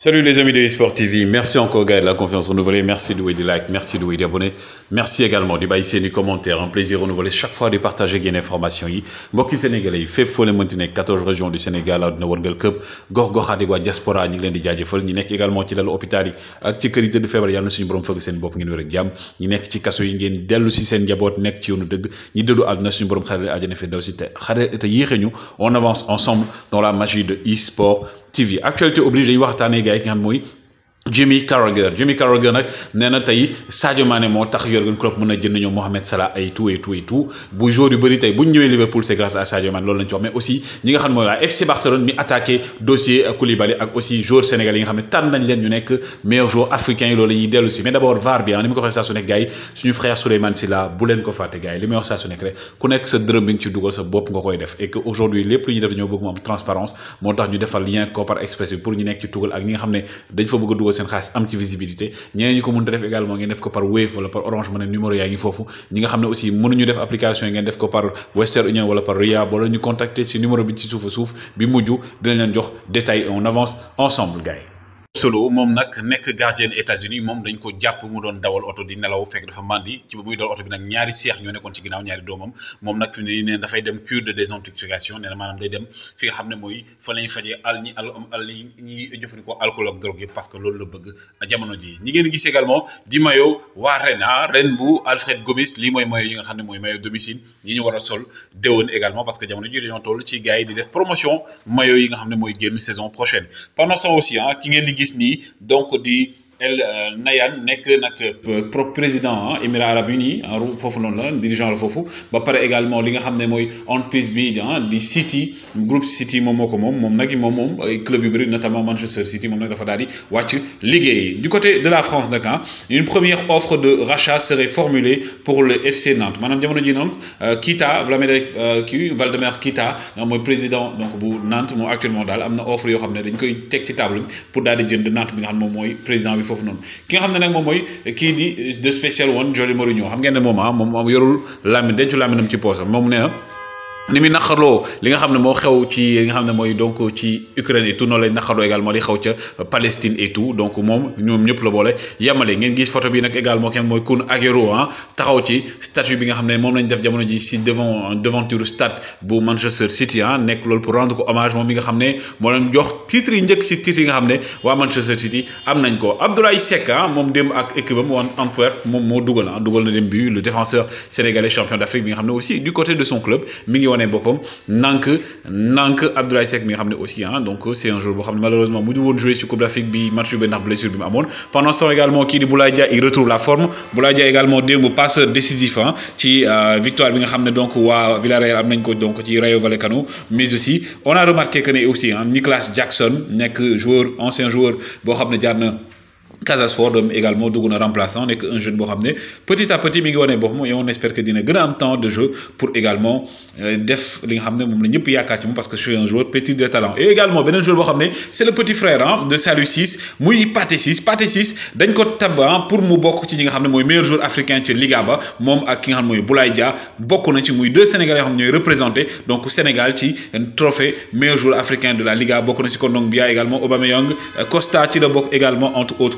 Salut les amis de eSport TV, merci encore Gaël de la confiance renouvelée, merci de vous des like. merci de vous des abonné, merci également de baisser les commentaires, un plaisir renouvelé chaque fois de partager des informations. Mbokki Sénégalais yi fépp foo leen 14 régions du Sénégal àdduna World këpp gox goxaat yi diaspora ñu ngi leen di jaajëfal ñi nekk également ci lalu hôpital yi ak ci kër yi tëdd feebar yàlla na suñu borom fëgg seen bopp ngeen wér ak jàmm ñi nekk ci kaso yi ngeen dellu si seen njaboot nekk ci yoonu dëgg ñi dëddu àdduna suñu borom xarale àjjana fi daw si te xare te yéexe ñu on avance ensemble dans la magie de eSport TV actualité oblige dañuy waxtaanee gars yi nga xam mooy Jimmy Carragher Jimmy Carragher nak néna tay Sadio Mané moo tax Jürgen Klopp mëna jënd ñoom Mohamed Salah ay tout et tout et tout bu joueur yu bari tay bu ñu Liverpool c'est grâce à Sadio Mané loolu lañ ci wax mais aussi ñi nga xam ne FC Barcelone mi attaqué dossier Koulibaly ak aussi joueur sénégalais yi nga xamné tan nañ leen ñu nekk meilleur joueur africain yi loolu la ñuy ci mais d'abord VAR bi ah ni ko waxee sa su nekk suñu frère Souleymane Sylla bu leen ko faté gaay yi wax sa su nekk rek ku nekk sa dërëm bi ci duggal sa bop nga koy def et que aujourd'hui lepp lu ñu def dañoo bëgg mo am transparence moo tax ñu defal lien Kopar expressif pour ñu nekk ci tuugal ak ñi nga dañ fa bëgg dugal seen xaalis am ci visibilité ñeneen ko également par Wave wala par Orange numéro ñi nga aussi def application def ko par Western Union wala par Ria ñu contacter si numéro bi ci souffle bi détail on avance ensemble gars solo mom nak nek gardien États-Unis mom dañ ko japp mu doon dawal auto di nelaw fekk dafa mandi ci ba muy dawal oto bi nak ñaari cheikh ñoo nekkoon ci ginaaw ñaari domam mom nak fi ne neen dafay dem cure de désintoxication nee na maanaam day dem fi nga xam moy mooy fa lañ fajee al ñi al al ñi jëfandikoo alcool ak drogue parce que loolu la bëgg jamono ji ñi ngeen gis également di mayo waa ren ren bu Alfred Gomis li moy mayo yi nga xam moy mayo domicile ñi ñu wara sol deewon également parce que jamono ji dañoo tollu ci gaay di def promotion mayo yi nga xam moy mooy génn saison prochaine pendant ça aussi hein ki ngeen di Disney, don't donc di El euh, Nayane nekk nak euh, propre président hein, Émirats arabes unis fofu non la dirigeant la foofu ba paré également li nga xamné moy on entreprise bi hein, di City groupe City momoko mom mom nak mom mom ay club bi notamment Manchester City mom nak dafa daal wacc wàcc du côté de la France nag hein, une première offre de rachat serait formulée pour le FC Nantes manam jamono ji donc euh, Kita Vladimir kii Valdemar Kita moy président donc bu Nantes mo actuellement dal amna offre yo xamné dañ koy tek ci table pour daal jënd Nantes bi nga xamné mom moy président foofu noonu ki nga xam ne nag moom mooy kii di euh, de spécial one Joli Mourinho xam ngeen ne moom ah moom yorul làmmiñ dencu làmmiñam ci poosam moom nee ni muy naqarloo li nga xam mo xew ci li nga xam moy donc ci Ukraine et tout noonu lay naqarloo également li xew ci Palestine et tout donc mom ñom ñep la boole yemale ngeen gis photo bi nag également kenn moy Kun Agüero ah taxaw ci statue bi nga xam mom lañ def jamono ji ci devant devanture stade bu Manchester City ah nek lool pour rendre ko hommage mom mi nga xam mo moo leen jox titre yi ñeek ci titre yi nga xam wa Manchester City am nañ ko Abdoulaye Seck ah mom dem ak équipe am waan Antwerp mom mo dugal ah dugal na dem bi le défenseur sénégalais champion d'Afrique bi nga xam aussi du côté de son club mi ngi wone boppam Nank, Nank Abdoulaye Seck nga aussi hein donc euh, c'est un joueur malheureusement mu ñu woon joué ci Coupe d'Afrique bi match bi ndax blessure bi mu pendant ce temps également qui di Boulaye il retrouve la forme Boulaye Dia également démb passeur décisif qui hein, ci euh, victoire bi nga donc waa Villarreal am ko donc ci Rayo Vallecano mais aussi on a remarqué que est aussi hein, Nicolas Jackson que joueur ancien joueur boo xam Casa également dugg na remplaçant est un jeune boo petit à petit mi ngi wane et on espère que dina gëna am temps de jeu pour également euh, def li nga xamné mom la ñëpp yaakaar ci parce que c'est un joueur petit de talent et également benen joueur bo xamné c'est le petit frère hein, de Salu six muy Pathé six Pathé six dañ ko hein, pour mu bokk ci ñi nga xamné moy meilleur joueur africain ci Liga ba mom ak ki nga xamné moy mooy Boulaye Dia bokk na ci muy deux Sénégalais yoo xam ne représenté donc Sénégal ci trophée meilleur joueur africain de la Liga bokk na ci bia également Aubameyang Costa ci la bokk également entre autres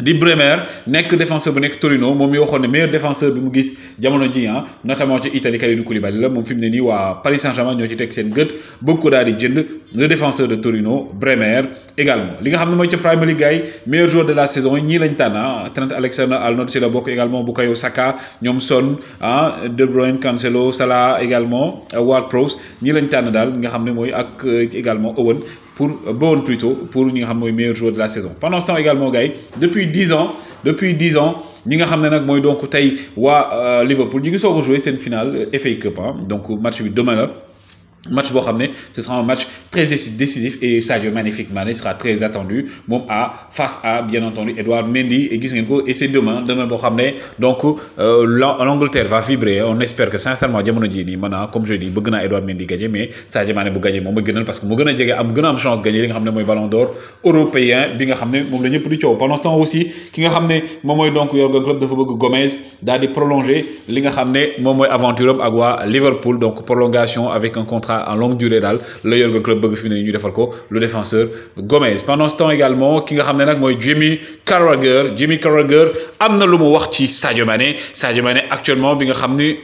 di Bremer nek défenseur bu nek Torino mom mi meilleur défenseur bi mu gis jamono ji hein notamment ci Italie Kalidou Koulibaly la mom fimné ni wa Paris Saint-Germain ñoo ci tek seen gët beaucoup ko daal di jënd le défenseur de Torino Bremer également li nga xamné moy ci Premier League gars yi meilleur joueur de la saison ñi lañ tan hein ah, Trent Alexander-Arnold ci la bokk également Bukayo Saka ñom Son ah, De Bruyne Cancelo Salah également Ward-Prowse ñi lañ tan daal nga xamné moy ak euh, également Owen pour euh, Bowl plutôt, pour nous nga meilleur joueur de la saison. pendant ce temps également gars depuis 10 ans depuis 10 ans Nous nga xam donc tay wa euh, Liverpool ñu ngi jouer euh, a une finale FA Cup hein. donc match demain là, match bo xamné ce sera un match très décisif et Sadio magnifique magnifiquement Mané sera très attendu à face à bien entendu Edouard Mendy et gis et c'est demain demain pour ramener donc euh, l'Angleterre va vibrer on espère que sincèrement jamono jii nii ah, comme je dis bëgg Edward Edouard Mendy gagner mais Sadio Mané bu gagner parce que mu a une am de gagner li nga ballon d'or européen bi nga pendant ce temps aussi ki nga ramené donc le club de football Gomez d'aller prolonger li nga xam ne aventure Liverpool donc prolongation avec un contrat en longue durée le club fi ñu ko le défenseur Gomez pendant ce temps également ki nga xamné nak moy Jimmy Carragher Jimmy Carragher amna na lu mu wax ci Sadio Mané Sadio Mané actuellement bi nga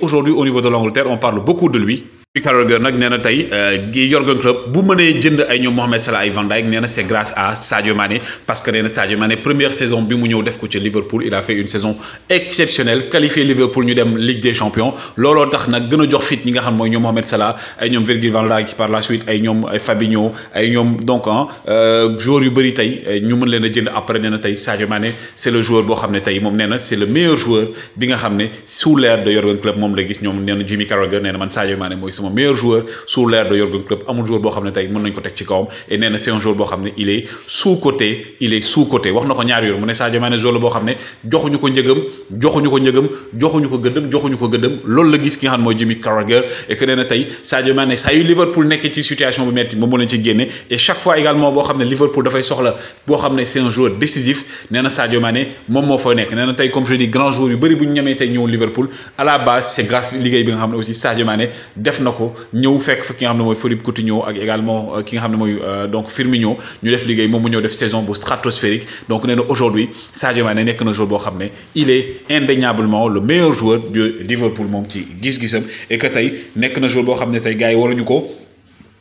aujourd'hui au niveau de l'Angleterre on parle beaucoup de lui Carroll Geur nena tay na tey euh, Jürgen Klopp bu mënee jënd ay ñoom Mohamed Salah ay Van Dijk nena c'est grâce à Sadio Mané parce que nena Sadio Mané première saison bi mu ñëw def ko ci Liverpool il a fait une saison exceptionnelle qualifié Liverpool ñu dem Ligue des Champions looloo tax nak gëna jox fit ñi nga xam moy ñoom Mohamed Salah ay ñom Virgil van Dijk par la suite ay ay Fabinho ay ñom donc hein, euh joueur yu bari tay euh, ñu mën leen jënd après nena tay Sadio Mané c'est le joueur bo xamne tay mom nena c'est le meilleur joueur bi nga xamne sous l'ère de Jürgen Klopp mom la gis ñom nena Jimmy Carroll nena man Sadio Mané mooy mon meilleur joueur sur l'ère de Jürgen Klopp amul joueur bo xamné tay tey mën nañu ko tek ci kawam et nee c'est un joueur bo xamné il est sous côté il est sous côté wax na ko yoon mu ne Sadio Mané joueur bo xamné joxuñu ko njëgam joxuñu ko njëgam joxuñu ko gëddëm joxuñu ko gëddëm loolu la gis ki nga xam ne mooy Jimmy Carragher et que nee na Sadio Mané saa yu Liverpool nekkee ci situation bu metti moom mo leen ci génne et chaque fois également bo xamné Liverpool da fay soxla bo xamné c'est un joueur décisif néna Sadio Mané mom mo fa nekk néna tay tey comme je dis grand joueur yu bari bu ñu tay tey ñëw Liverpool à la base c'est grâce liggéey bi nga xamné aussi Sadio Mané def na ko ñëw fekk fa ki nga xamne moy Philippe Coutinho ak également euh, ki nga xamne moy euh, donc Firmino ñu def liggéey moom mu def saison bu stratosphérique donc néna aujourd'hui Sadio Mané nek na joueur bo xam il est indéniablement le meilleur joueur de Liverpool moom ci gis-gisam et que tay nek na joueur bo xam tay gaay waruñu ko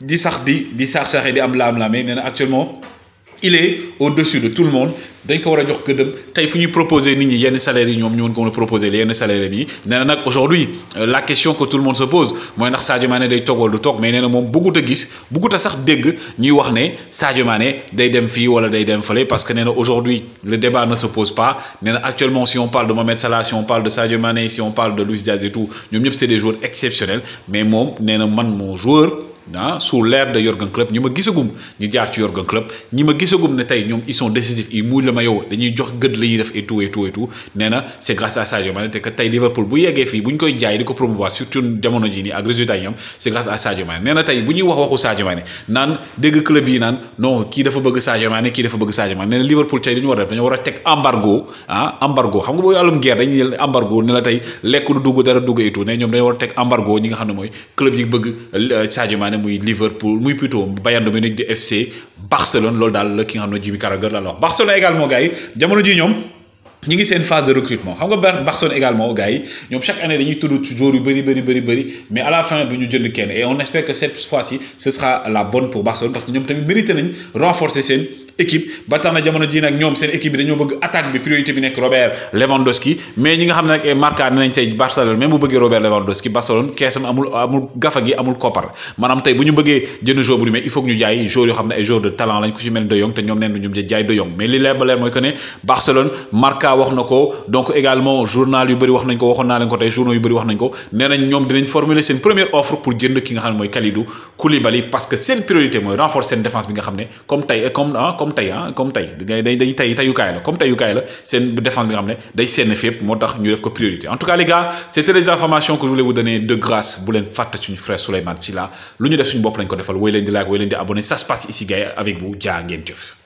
di sax di di sax saxé di am laam mais néna actuellement il est au-dessus de tout le monde Dès ko va dire que gëddëm tey proposer nit ñi yenn un ñom ñu ñoo ko a proposer yenn salaire bi nee nak aujourd'hui euh, la question que tout le monde se pose moy nak Sadio Mané day toog du tok mais nee mom moom bëggut a gis bëggut a sax dégg ñuy wax ne Sadio Mané day dem fi wala day dem falé parce que nee aujourd'hui le débat ne se pose pas nee actuellement si on parle de Mohamed Salah si on parle de Sadio Mané si on parle de Luis Diaz et tout ñom ñep c'est des joueurs exceptionnels mais mom nee man mon joueur. ah sous l'ère de Jürgen Klopp ñi ma gisagum ñu jaar ci Jürgen Klopp ñi ma gisagum ne tey ñoom ils sont décisifs ils mouillent le maillot dañuy jox gëdd la def et tout et tout et tout nee na te que tey Liverpool bu yeggee fii bu ñu koy jaay di ko promouvoir surtout jamono jii nii ak résultat yi am c' est grâce à nee na tey bu ñuy wax waxu Sadio Mané naan dégg club yi naan non kii dafa bëgg Sadio Mané kii dafa bëgg Sadio Mané nee na Liverpool tey a def dañoo a ah, lekk du dugg dara dugg ne ñoom dañoo war a teg embargo ñi ne mooy club yi bëgg euh, Liverpool muy plutôt Bayern de FC Barcelone Lodal, dal la ki nga Jimmy alors Barcelone également gars yi jamono ji ñi ngi seen phase de recrutement xam nga Barcelone également gars yi ñoom chaque année dañuy tudd ci joueurs yu bëri bëri bëri bëri mais à la fin du ñu jënd kenn et on espère que cette fois-ci ce sera la bonne pour Barcelone parce que ñoom tamit mérité nañ renforcer seen équipe ba tax na jamono ji nag ñoom seen équipe bi dañoo bëgg attaque bi priorité bi nekk Robert Lewandowski mais ñi nga xam ne nag Marca nañ tey Barcelone même bu bëggee Robert Lewandowski Barcelone keesam amul amul gafa gi amul koppar maanaam tey bu ñu bëggee jënd joueur bu mais il faut que ñu jaay joueur yoo xam ne ay joueur de talent lañ ku ci mel De Jong te ñoom neen ñoom jaay De Jong mais li leer ba leer mooy que ne Barcelone Marca waxnako donc également journal yu bari wax nañ ko waxoon ko tay journaux yu bari wax nañ ko nee nañ dinañ formuler sen première offre pour jënd ki nga xam moy Kalidou Koulibaly parce que sen priorité moy renforcer sen défense bi nga xam comme tay comme ah comme tay ah comme tay da day tay tey teyukaay la comme teyukaay la sen défense bi nga xam day seen fépp motax ñu def ko priorité en tout cas les gars c'était les informations que je voulais vous donner de grâce bu leen fàtte suñu frère Souleymane Sylla lu ñu def suñu bop lañ ko defal way leen di like way leen di abonné ça se passe ici gars avec vous ja ngeen jëf